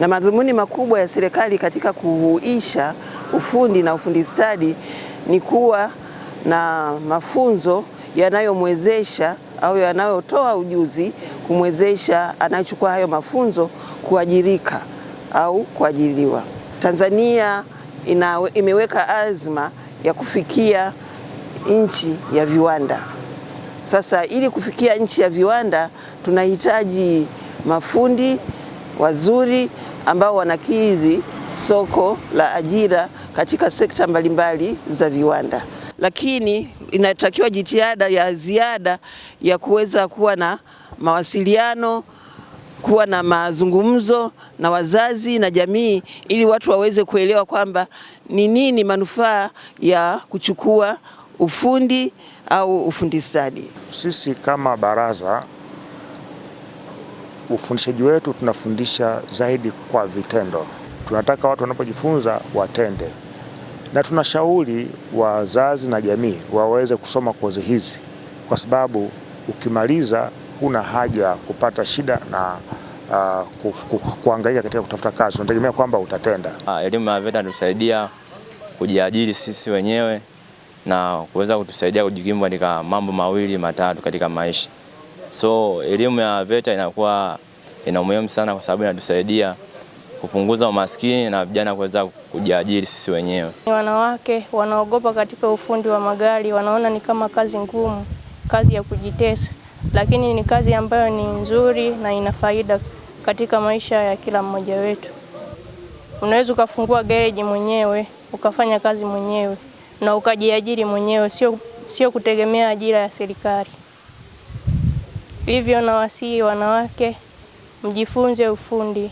na madhumuni makubwa ya serikali katika kuhuisha ufundi na ufundi stadi ni kuwa na mafunzo yanayomwezesha au yanayotoa ujuzi kumwezesha anayechukua hayo mafunzo kuajirika au kuajiriwa. Tanzania ina, imeweka azma ya kufikia nchi ya viwanda. Sasa ili kufikia nchi ya viwanda tunahitaji mafundi wazuri ambao wanakidhi soko la ajira katika sekta mbalimbali za viwanda, lakini inatakiwa jitihada ya ziada ya kuweza kuwa na mawasiliano kuwa na mazungumzo na wazazi na jamii ili watu waweze kuelewa kwamba ni nini manufaa ya kuchukua ufundi au ufundi stadi. Sisi kama baraza ufundishaji wetu tunafundisha zaidi kwa vitendo. Tunataka watu wanapojifunza watende, na tunashauri wazazi na jamii waweze kusoma kozi hizi, kwa sababu ukimaliza huna haja ya kupata shida na uh, ah, kuangaika katika kutafuta kazi. Tunategemea kwamba utatenda. Ah, elimu ya VETA inatusaidia kujiajiri sisi wenyewe na kuweza kutusaidia kujikimu katika mambo mawili matatu katika maisha. So elimu ya VETA inakuwa ina umuhimu sana kwa sababu inatusaidia kupunguza umaskini na vijana kuweza kujiajiri sisi wenyewe. Wanawake wanaogopa katika ufundi wa magari, wanaona ni kama kazi ngumu, kazi ya kujitesa, lakini ni kazi ambayo ni nzuri na ina faida katika maisha ya kila mmoja wetu. Unaweza ukafungua gereji mwenyewe ukafanya kazi mwenyewe na ukajiajiri mwenyewe, sio sio kutegemea ajira ya serikali. Hivyo nawasihi wanawake mjifunze ufundi.